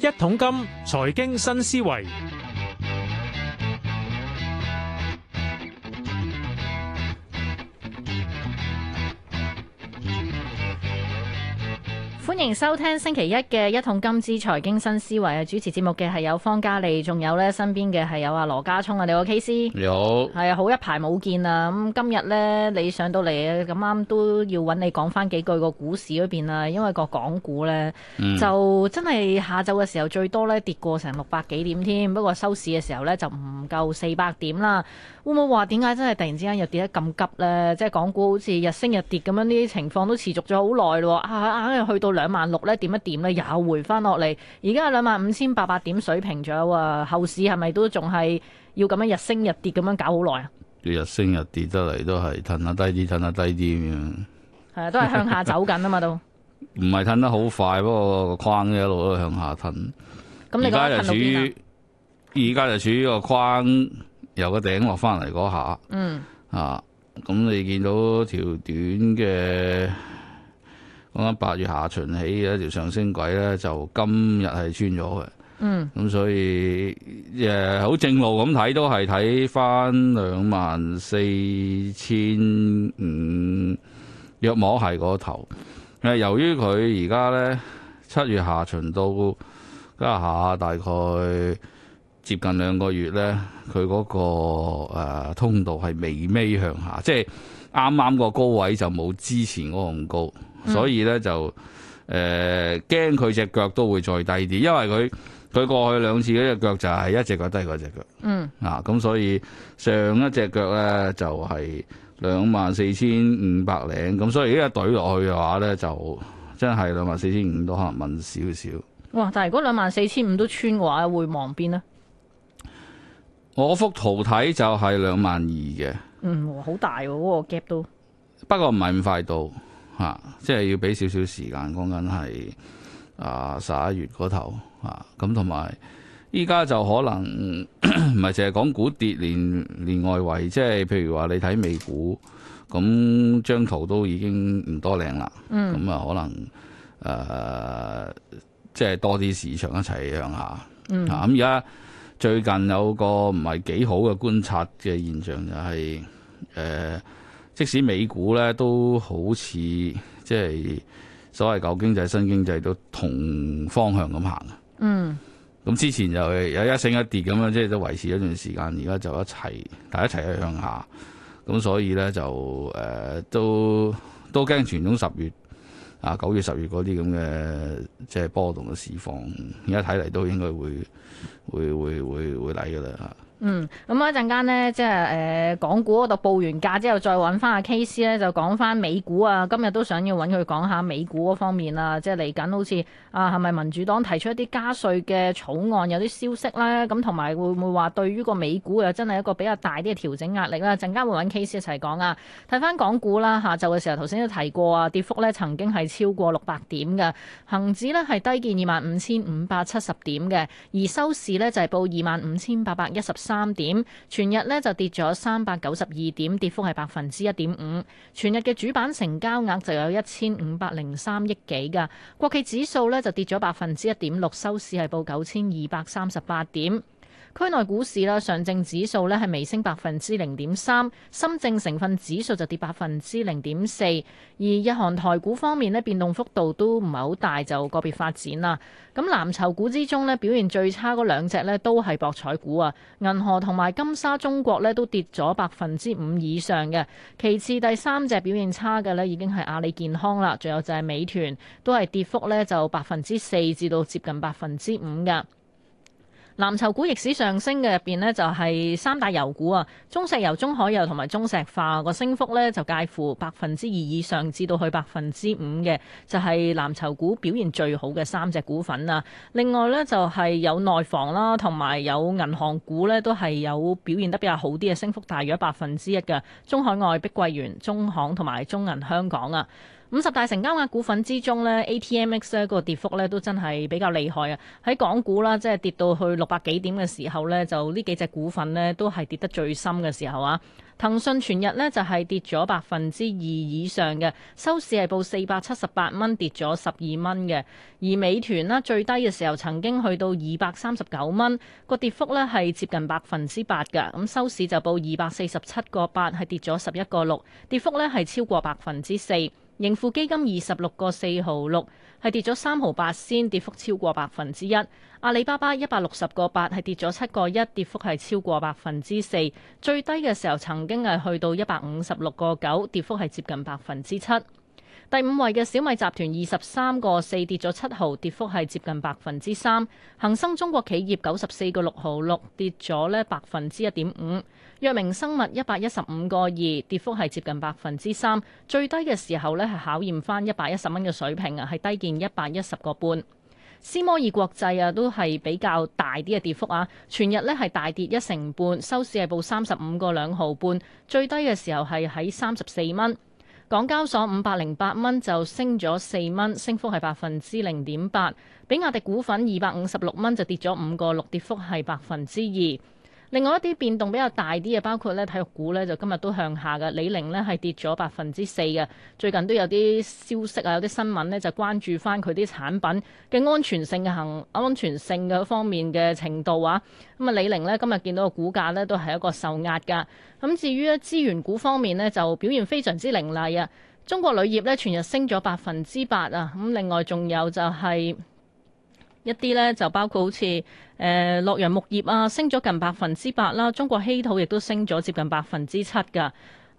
一桶金，財經新思維。歡迎收聽星期一嘅一桶金之財經新思維啊！主持節目嘅係有方嘉利，仲有呢身邊嘅係有阿羅家聰啊！你 KC，你好，係啊有，好一排冇見啦！咁、嗯、今日呢，你上到嚟咁啱都要揾你講翻幾句個股市嗰邊啦，因為個港股呢，就真係下晝嘅時候最多呢跌過成六百幾點添，不過收市嘅時候呢，就唔夠四百點啦。會唔會話點解真係突然之間又跌得咁急呢？即係港股好似日升日跌咁樣，呢啲情況都持續咗好耐咯。啊，硬、啊啊啊啊、去到兩萬六咧點一點咧，又回翻落嚟，而家係兩萬五千八百點水平咗啊！後市係咪都仲係要咁樣日升日跌咁樣搞好耐啊？日升日跌得嚟，都係褪下低啲，褪下低啲咁樣，係啊，都係向下走緊啊嘛，都唔係褪得好快，不過個框一路都向下褪。咁你而家就處於，而家就處於個框由個頂落翻嚟嗰下。嗯啊，咁你見到條短嘅？啱啱八月下旬起一條上升軌咧，就今日係穿咗嘅。嗯，咁所以誒好正路咁睇，都係睇翻兩萬四千五約摸係個頭。誒，由於佢而家咧七月下旬到家下大概接近兩個月咧，佢嗰個，誒，通道係微微向下，即係啱啱個高位就冇之前嗰個咁高。所以咧就誒驚佢隻腳都會再低啲，因為佢佢過去兩次嗰隻腳就係一隻腳低過隻腳。嗯，啊咁，所以上一隻腳咧就係兩萬四千五百零。咁所以呢個懟落去嘅話咧，就真係兩萬四千五都可能問少少。哇！但係如果兩萬四千五都穿嘅話，會望邊呢？我幅圖睇就係兩萬二嘅。嗯，好大嗰個 gap 都。不過唔係咁快到。啊，即係要俾少少時間，講緊係啊十一月嗰頭啊，咁同埋依家就可能唔係淨係港股跌連，連連外圍，即係譬如話你睇美股，咁張圖都已經唔多靚啦，咁啊、嗯、可能誒、啊，即係多啲市場一齊向下。啊，咁而家最近有個唔係幾好嘅觀察嘅現象就係、是、誒。啊即使美股咧都好似即係所謂舊經濟、新經濟都同方向咁行啊！嗯，咁之前就有一升一跌咁樣，即係都維持咗一段時間，而家就一齊，大家一齊去向下。咁所以咧就誒、呃、都都驚，傳統十月啊九月、十月嗰啲咁嘅即係波動嘅市況，而家睇嚟都應該會會會會會嚟嘅啦。嗯，咁一陣間呢，即係誒、呃、港股嗰度報完價之後，再揾翻阿 K C 咧，就講翻美股啊。今日都想要揾佢講下美股嗰方面啊。即係嚟緊好似啊，係咪民主黨提出一啲加稅嘅草案有啲消息啦。咁同埋會唔會話對於個美股又真係一個比較大啲嘅調整壓力咧？陣間會揾 K C 一齊講啊。睇翻港股啦、啊，下晝嘅時候頭先都提過啊，跌幅呢曾經係超過六百點嘅，恒指呢係低見二萬五千五百七十點嘅，而收市呢就係、是、報二萬五千八百一十三。三點，全日咧就跌咗三百九十二點，跌幅係百分之一點五。全日嘅主板成交額就有一千五百零三億幾噶。國企指數咧就跌咗百分之一點六，收市係報九千二百三十八點。區內股市啦，上證指數咧係微升百分之零點三，深證成分指數就跌百分之零點四。而日韓台股方面咧，變動幅度都唔係好大，就個別發展啦。咁藍籌股之中咧，表現最差嗰兩隻都係博彩股啊，銀河同埋金沙中國咧都跌咗百分之五以上嘅。其次第三隻表現差嘅咧已經係阿里健康啦，最後就係美團都係跌幅咧就百分之四至到接近百分之五㗎。藍籌股逆市上升嘅入邊呢，就係三大油股啊，中石油、中海油同埋中石化個升幅呢，就介乎百分之二以上至到去百分之五嘅，就係、是、藍籌股表現最好嘅三隻股份啦。另外呢，就係有內房啦，同埋有銀行股呢，都係有表現得比較好啲嘅，升幅大約百分之一嘅，中海外、碧桂園、中行同埋中銀香港啊。五十大成交額股份之中呢 ATMX 呢個跌幅呢都真係比較厲害啊！喺港股啦，即係跌到去六百幾點嘅時候呢，就呢幾隻股份呢都係跌得最深嘅時候啊！騰訊全日呢就係跌咗百分之二以上嘅，收市係報四百七十八蚊，跌咗十二蚊嘅。而美團呢，最低嘅時候曾經去到二百三十九蚊，個跌幅呢係接近百分之八㗎。咁收市就報二百四十七個八，係跌咗十一個六，跌幅呢係超過百分之四。盈富基金二十六個四毫六係跌咗三毫八仙，跌幅超過百分之一。阿里巴巴一百六十個八係跌咗七個一，跌幅係超過百分之四。最低嘅時候曾經係去到一百五十六個九，跌幅係接近百分之七。第五位嘅小米集團二十三個四跌咗七毫，跌幅係接近百分之三。恒生中國企業九十四個六毫六跌咗呢百分之一點五。藥明生物一百一十五個二，跌幅係接近百分之三。最低嘅時候呢係考驗翻一百一十蚊嘅水平啊，係低見一百一十個半。斯摩爾國際啊，都係比較大啲嘅跌幅啊，全日呢係大跌一成半，收市係報三十五個兩毫半，最低嘅時候係喺三十四蚊。港交所五百零八蚊就升咗四蚊，升幅係百分之零點八。比亞迪股份二百五十六蚊就跌咗五個六，跌幅係百分之二。另外一啲變動比較大啲嘅，包括咧體育股咧就今日都向下㗎，李寧呢係跌咗百分之四嘅。最近都有啲消息啊，有啲新聞呢，就關注翻佢啲產品嘅安全性嘅行安全性嘅方面嘅程度啊。咁、嗯、啊，李寧呢今日見到個股價呢，都係一個受壓㗎。咁、嗯、至於咧資源股方面呢，就表現非常之凌厲啊。中國鋁業呢，全日升咗百分之八啊。咁、嗯、另外仲有就係、是。一啲咧就包括好似誒、呃、洛陽木業啊，升咗近百分之八啦。中國稀土亦都升咗接近百分之七㗎。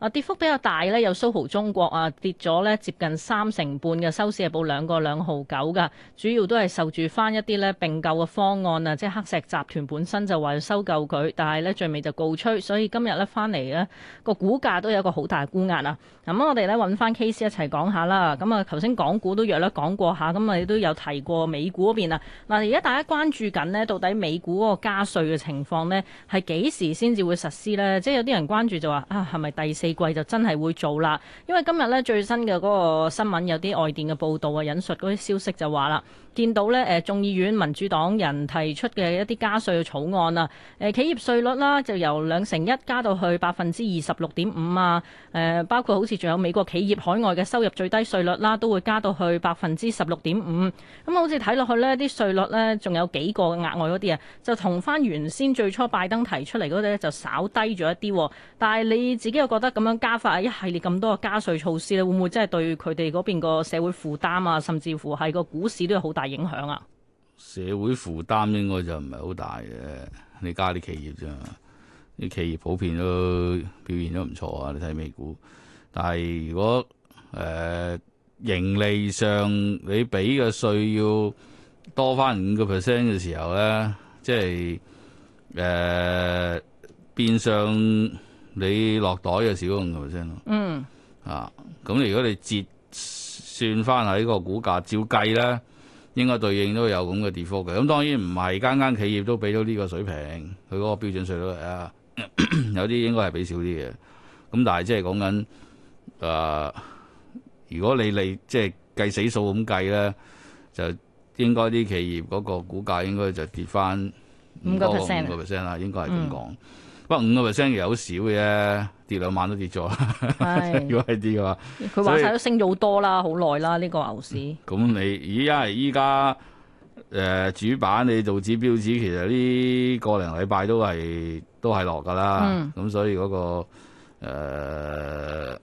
跌幅比較大咧，有 SOHO 中國啊，跌咗咧接近三成半嘅收市係報兩個兩毫九噶，主要都係受住翻一啲呢並購嘅方案啊，即係黑石集團本身就話要收購佢，但係呢最尾就告吹，所以今日呢翻嚟呢個股價都有個好大嘅沽壓啊。咁我哋咧揾翻 case 一齊講下啦。咁啊頭先港股都約咧講過下，咁啊亦都有提過美股嗰邊啊。嗱而家大家關注緊呢，到底美股嗰個加稅嘅情況呢係幾時先至會實施呢？即係有啲人關注就話啊，係咪第四？季就真係會做啦，因為今日咧最新嘅嗰個新聞有啲外電嘅報道啊，引述嗰啲消息就話啦。見到咧，誒、呃、眾議院民主黨人提出嘅一啲加稅草案啊，誒、呃、企業稅率啦、啊，就由兩成一加到去百分之二十六點五啊，誒、呃、包括好似仲有美國企業海外嘅收入最低稅率啦、啊，都會加到去百分之十六點五。咁、嗯、好似睇落去呢啲稅率咧仲有幾個額外嗰啲啊，就同返原先最初拜登提出嚟嗰啲咧就稍低咗一啲、啊。但係你自己又覺得咁樣加法一系列咁多嘅加稅措施咧，會唔會真係對佢哋嗰邊個社會負擔啊，甚至乎係個股市都有好大？大影響啊！社會負擔應該就唔係好大嘅。你加啲企業啫嘛，啲企業普遍都表現都唔錯啊。你睇美股，但係如果誒、呃、盈利上你俾嘅稅要多翻五個 percent 嘅時候咧，即係誒、呃、變相你落袋嘅少咗五個 percent 咯。嗯啊，咁如果你折算翻喺個股價照計咧。應該對應都有咁嘅跌幅嘅，咁當然唔係間間企業都俾到呢個水平，佢嗰個標準稅率啊， 有啲應該係俾少啲嘅，咁但係即係講緊誒，如果你你即係計死數咁計咧，就應該啲企業嗰個股價應該就跌翻五個 percent，五個 percent 啦，應該係點講？不過五個 percent 又好少嘅啫。跌兩萬都跌咗，如果係啲嘅話，佢 玩晒都升咗好多啦，好耐啦，呢、這個牛市。咁、嗯、你而家依家誒主板你做指標指，其實呢個零禮拜都係都係落噶啦。咁、嗯、所以嗰、那個誒，即、呃、係、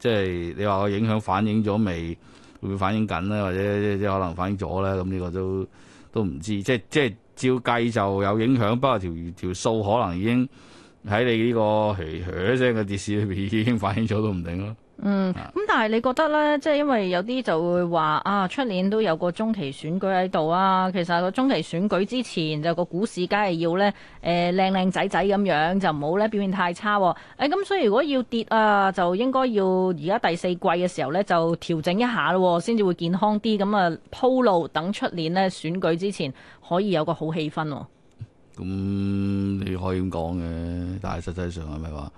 就是、你話個影響反映咗未？會唔會反映緊咧？或者即係可能反映咗咧？咁呢個都都唔知。即係即係照計就有影響，不過條條數可能已經。喺你呢、這個噓噓聲嘅跌市裏邊已經反映咗都唔定咯。嗯，咁但係你覺得呢？即係因為有啲就會話啊，出年都有個中期選舉喺度啊。其實個、啊、中期選舉之前就個股市梗係要呢誒、呃、靚靚仔仔咁樣，就唔好呢表現太差喎、哦。誒、哎、咁，所以如果要跌啊，就應該要而家第四季嘅時候呢，就調整一下咯、哦，先至會健康啲。咁、嗯、啊，鋪路等出年呢選舉之前可以有個好氣氛、哦。咁、嗯、你可以咁講嘅，但係實際上係咪話，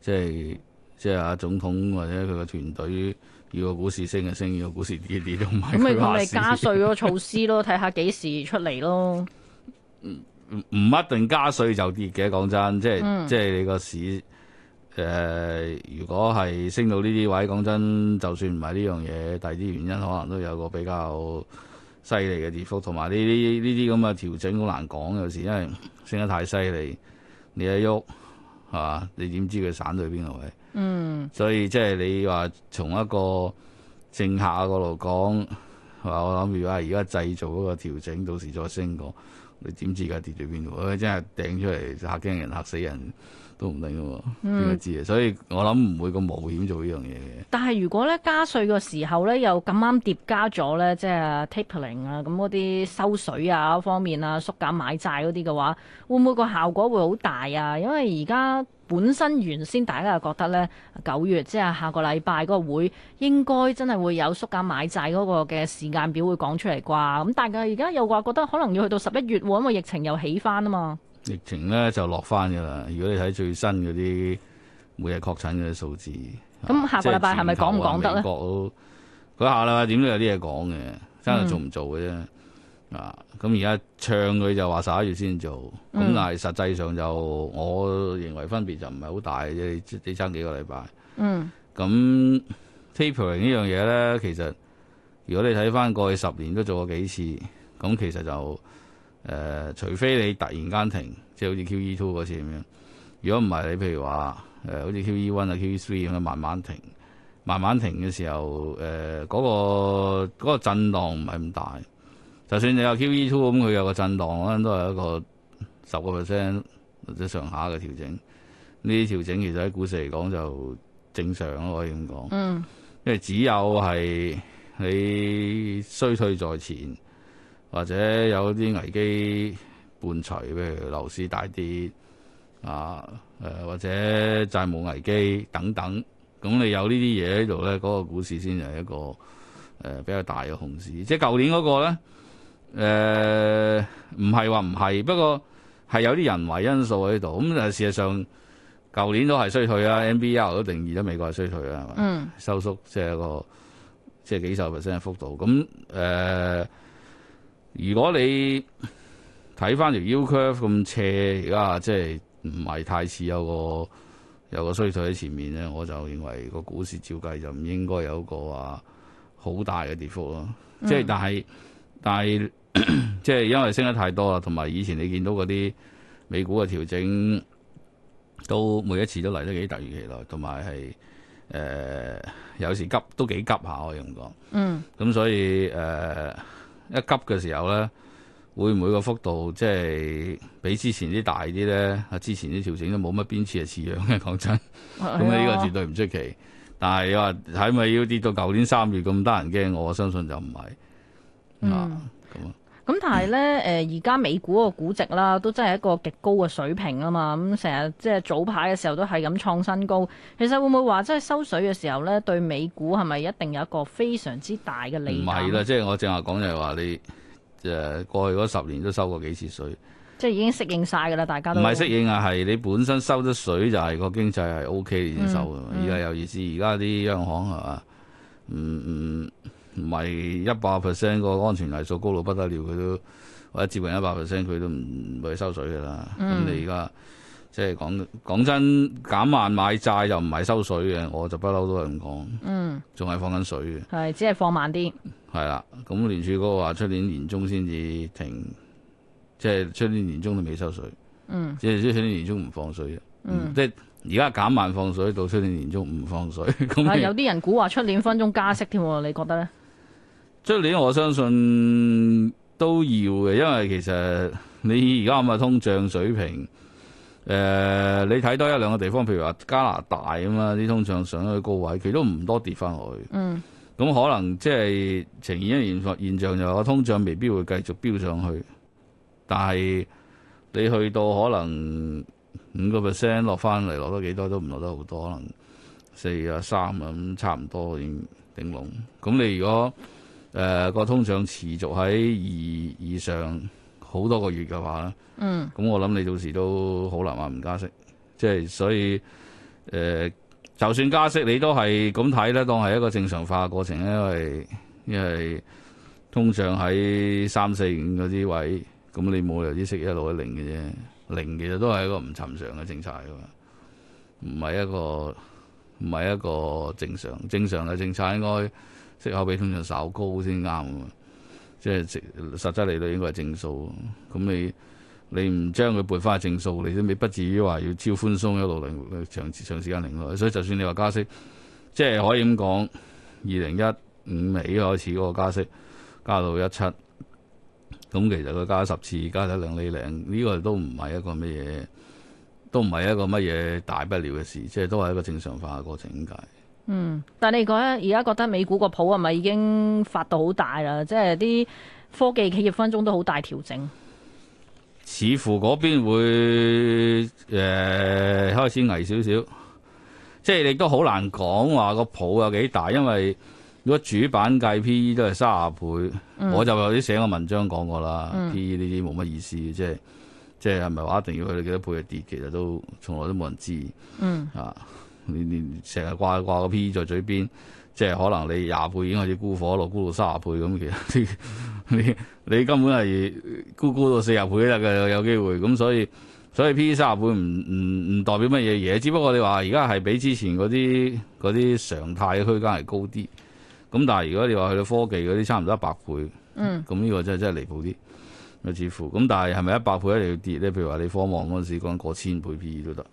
即係即係啊總統或者佢個團隊，要個股市升就升，要個股市跌跌都唔係。咁咪係加稅嗰個措施咯，睇下幾時出嚟咯。唔唔、嗯、 一定加稅就跌嘅。講真，即係、嗯、即係你個市誒、呃，如果係升到呢啲位，講真，就算唔係呢樣嘢，第二啲原因可能都有個比較。犀利嘅跌幅，同埋呢啲呢啲咁嘅調整好難講，有時因為升得太犀利，你一喐係嘛？你點知佢散咗到邊度？位？嗯，所以即係你話從一個政客角度講，話我諗如果係而家製造嗰個調整，到時再升過，你點知佢跌咗邊度？真係掟出嚟嚇驚人，嚇死人！都唔定嘅喎，邊個知啊？嗯、所以我諗唔會咁冒險做呢樣嘢嘅。但係如果咧加稅嘅時候咧，又咁啱疊加咗咧，即係 tapering 啊，咁嗰啲收水啊方面啊，縮減買債嗰啲嘅話，會唔會個效果會好大啊？因為而家本身原先大家又覺得咧九月，即係下個禮拜嗰個會應該真係會有縮減買債嗰個嘅時間表會講出嚟啩？咁但係而家又話覺得可能要去到十一月喎，因為疫情又起翻啊嘛。疫情咧就落翻噶啦，如果你睇最新嗰啲每日確診嘅啲數字，咁、嗯、下個禮拜係咪講唔講得咧？佢、嗯、下啦，點都有啲嘢講嘅，爭下做唔做嘅啫。嗯、啊，咁而家唱佢就話十一月先做，咁但係實際上就我認為分別就唔係好大，即係只爭幾個禮拜、嗯嗯。嗯。咁 tapering 呢樣嘢咧，其實如果你睇翻過去十年都做過幾次，咁其實就。誒、呃，除非你突然間停，即係好似 QE2 嗰次咁樣。如果唔係你，譬如話誒、呃，好似 QE1 啊、QE3 咁樣慢慢停，慢慢停嘅時候，誒、呃、嗰個嗰個震盪唔係咁大。就算你有 QE2 咁，佢有個震盪，可能都係一個十個 percent 或者上下嘅調整。呢啲調整其實喺股市嚟講就正常咯，可以咁講。嗯。因為只有係你衰退在前。或者有啲危機伴隨，譬如樓市大跌啊，誒、呃、或者債務危機等等，咁你有呢啲嘢喺度咧，嗰、那個股市先係一個誒、呃、比較大嘅熊市。即係舊年嗰個咧，誒唔係話唔係，不過係有啲人為因素喺度。咁誒事實上，舊年都係衰退啊，NBER 都定義咗美國係衰退啊，嘛，嗯、收縮即係一個即係、就是、幾十 percent 嘅幅度。咁誒。呃如果你睇翻條 U curve 咁斜，而家即係唔係太似有個有個衰退喺前面咧，我就認為個股市照計就唔應該有一個話好大嘅跌幅咯。即係但係但係即係因為升得太多啦，同埋以前你見到嗰啲美股嘅調整都每一次都嚟得幾突如其來，同埋係誒有時急都幾急下可以咁講。嗯，咁所以誒。呃一急嘅時候咧，會唔會個幅度即係比之前啲大啲咧？啊，之前啲調整都冇乜邊次係似樣嘅，講真，咁咧呢個絕對唔出奇。但係你話係咪要跌到舊年三月咁得人驚，我相信就唔係啊咁咁但係咧，誒而家美股個估值啦，都真係一個極高嘅水平啊嘛！咁成日即係早排嘅時候都係咁創新高。其實會唔會話即係收水嘅時候咧，對美股係咪一定有一個非常之大嘅利？唔係啦，即係我正話講就係話你誒、呃、過去嗰十年都收過幾次水，即係已經適應晒噶啦，大家都唔係適應啊，係你本身收得水就係個經濟係 O K 先收啊，而家、嗯嗯、有意思，而家啲央行啊，嗯嗯。唔係一百 percent 個安全係數高到不得了，佢都或者接近一百 percent，佢都唔會收水噶啦。咁、嗯、你而家即係講講真，減慢買債又唔係收水嘅，我就不嬲都係咁講。嗯，仲係放緊水嘅，係只係放慢啲。係啦，咁聯儲局話出年年中先至停，即係出年年中都未收水。嗯，即係出年年中唔放水。即係而家減慢放水，到出年年中唔放水。咁 那你 有啲人估話出年分中加息添喎，你覺得咧？出年我相信都要嘅，因為其實你而家咁嘅通脹水平，誒、呃，你睇多一兩個地方，譬如話加拿大咁啊，啲通脹上去高位，佢都唔多跌翻去。嗯。咁可能即係呈現一現狀現象，就話通脹未必會繼續飆上去，但係你去到可能五個 percent 落翻嚟，落得幾多都唔落得好多，可能四啊三啊咁差唔多已經頂籠。咁你如果誒個、呃、通脹持續喺二以上好多個月嘅話咧，咁、嗯嗯、我諗你到時都好難話唔加息，即係所以誒、呃，就算加息你都係咁睇咧，當係一個正常化嘅過程，因為因為通脹喺三四五嗰啲位，咁你冇理由啲息一路一零嘅啫，零其實都係一個唔尋常嘅政策噶嘛，唔係一個唔係一個正常正常嘅政策應該。息口比通脹稍高先啱啊！即係實質利率應該係正數，咁你你唔將佢撥翻去正數，你都未不至於話要超寬鬆一路零長長時間零落去。所以就算你話加息，即係可以咁講，二零一五尾開始個加息加到一七，咁其實佢加十次加得兩釐零，呢個都唔係一個乜嘢，都唔係一個乜嘢大不了嘅事，即係都係一個正常化嘅過程咁解。嗯，但你覺得而家覺得美股個譜係咪已經發到好大啦？即係啲科技企業分鐘都好大調整，似乎嗰邊會誒、欸、開始危少少，即係你都好難講話個譜有幾大，因為如果主板界 P E 都係卅倍，嗯、我就有啲寫個文章講過啦，P E 呢啲冇乜意思，即係即係係咪話一定要去到幾多倍嘅跌，其實都從來都冇人知，嗯啊。你你成日掛掛個 PE 在嘴邊，即係可能你廿倍已經開始沽火咯，沽到三十倍咁，其實你你，你根本係沽沽到四十倍啦嘅，有機會。咁所以所以 PE 三十倍唔唔唔代表乜嘢嘢，只不過你話而家係比之前嗰啲啲常態嘅區間係高啲。咁但係如果你話去到科技嗰啲差唔多一百倍，嗯，咁呢個真係真係離譜啲。咁似乎咁，但係係咪一百倍一定要跌咧？譬如話你科網嗰陣時講過千倍 PE 都得。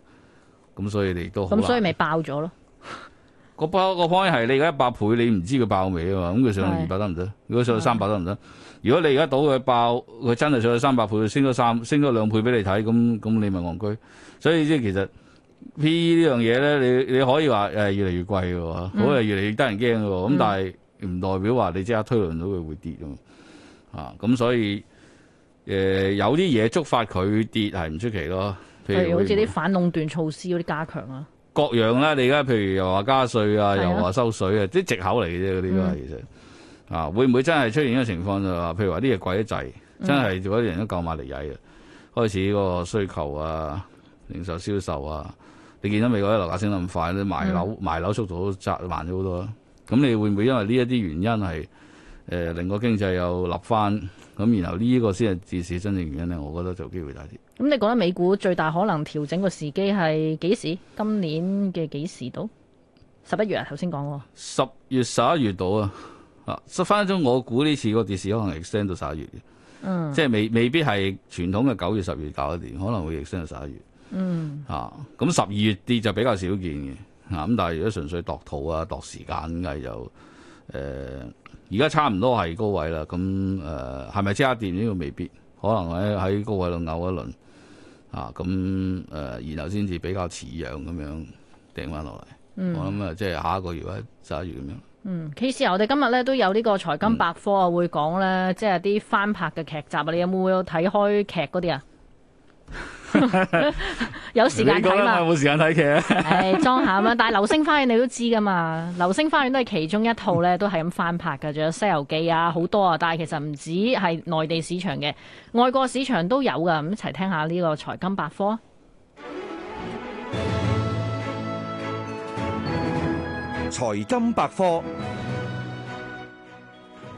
咁所以你都咁所以咪爆咗咯、 那個？個包個 point，係你而家一百倍你，你唔知佢爆未啊嘛？咁佢上到二百得唔得？如果上到三百得唔得？如果你而家倒佢爆，佢真係上到三百倍，升咗三升咗兩倍俾你睇，咁咁你咪戇居。所以即係其實 PE 呢樣嘢咧，你你可以話誒越嚟越貴喎，好係越嚟越得人驚喎。咁但係唔代表話你即刻推論到佢會跌啊嘛。啊，咁所以誒、呃、有啲嘢觸發佢跌係唔出奇咯。譬如好似啲反壟斷措施嗰啲加強啊，各樣啦，你而家譬如又話加稅啊，又話收水啊，即係藉口嚟嘅啫，嗰啲都係其實啊，會唔會真係出現呢個情況就話，譬如話啲嘢貴得滯，真係做啲人都購買嚟曳啊，嗯、開始個需求啊、零售銷售啊，你見到美國啲樓價升得咁快，啲賣樓賣樓速度都扎慢咗好多、啊，咁、嗯、你會唔會因為呢一啲原因係誒、呃、令個經濟又立翻？咁然後呢個先係治市真正原因咧，我覺得就機會大啲。咁、嗯、你覺得美股最大可能調整個時機係幾時？今年嘅幾時到十一月啊？頭先講喎，十月十一月到啊！啊，分分鐘我估呢次個跌市可能係 extend 到十一月嘅，嗯，即係未未必係傳統嘅九月十月搞一年，可能會 extend 到十一月，嗯，啊，咁十二月跌就比較少見嘅，啊，咁但係如果純粹度圖啊度時間梗、啊、計就，誒、呃，而家差唔多係高位啦，咁誒係咪即刻掂呢個未必，可能喺喺高位度拗一輪。嗯。啊，咁誒、呃，然後先至比較似樣咁樣掟翻落嚟。嗯、我諗啊，即係下一個月咧，十一月咁樣。嗯，K 小姐，我哋今日咧都有個財呢個財金百科啊，會講咧，即係啲翻拍嘅劇集啊，你有冇睇開劇嗰啲啊？ 有時間睇嘛？冇時間睇劇。誒、 哎，裝下咁，但係《流星花園》你都知噶嘛？《流星花園》都係其中一套咧，都係咁翻拍嘅，仲有《西遊記》啊，好多啊。但係其實唔止係內地市場嘅，外國市場都有噶。咁一齊聽下呢個《財金百科》。財金百科。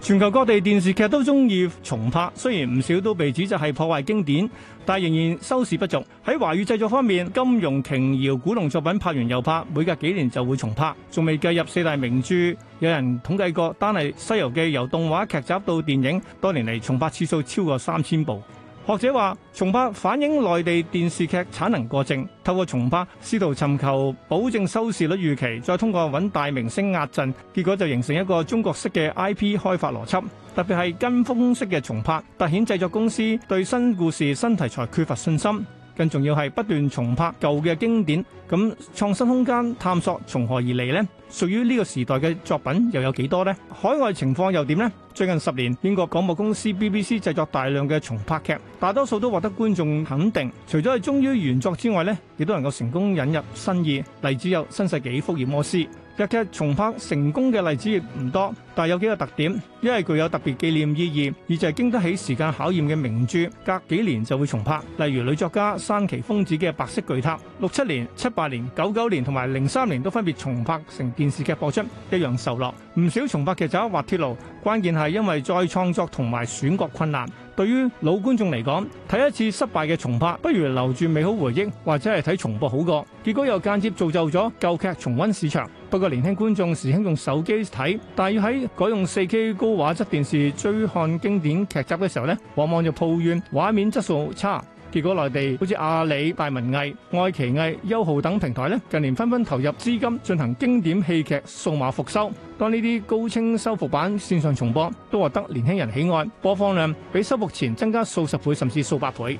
全球各地電視劇都中意重拍，雖然唔少都被指責係破壞經典，但仍然收視不俗。喺華語製作方面，金庸、瓊瑤、古龍作品拍完又拍，每隔幾年就會重拍，仲未計入四大名著。有人統計過，單係《西遊記》由動畫劇集到電影，多年嚟重拍次數超過三千部。學者話，重拍反映內地電視劇產能過剩，透過重拍試圖尋求保證收視率預期，再通過揾大明星壓陣，結果就形成一個中國式嘅 IP 開發邏輯，特別係跟風式嘅重拍，凸顯製作公司對新故事、新題材缺乏信心。更重要係不斷重拍舊嘅經典，咁創新空間探索從何而嚟呢？屬於呢個時代嘅作品又有幾多呢？海外情況又點呢？最近十年，英國廣播公司 BBC 製作大量嘅重拍劇，大多數都獲得觀眾肯定。除咗係忠於原作之外呢，亦都能夠成功引入新意。例子有新世紀福爾摩斯。日劇重拍成功嘅例子亦唔多，但有幾個特點：一係具有特別紀念意義，二就係經得起時間考驗嘅名著，隔幾年就會重拍。例如女作家山崎豐子嘅《白色巨塔》，六七年、七八年、九九年同埋零三年都分別重拍成電視劇播出，一樣受落。唔少重拍劇集或滑鐵盧，關鍵係因為再創作同埋選角困難。對於老觀眾嚟講，睇一次失敗嘅重拍，不如留住美好回憶，或者係睇重播好過。結果又間接造就咗舊劇重溫市場。不過年輕觀眾時興用手機睇，但要喺改用四 K 高畫質電視追看經典劇集嘅時候咧，往往就抱怨畫面質素差。結果內地好似阿里、大文藝、愛奇藝、優酷等平台咧，近年紛紛投入資金進行經典戲劇數碼復修。當呢啲高清修復版線上重播，都獲得年輕人喜愛，播放量比修復前增加數十倍甚至數百倍。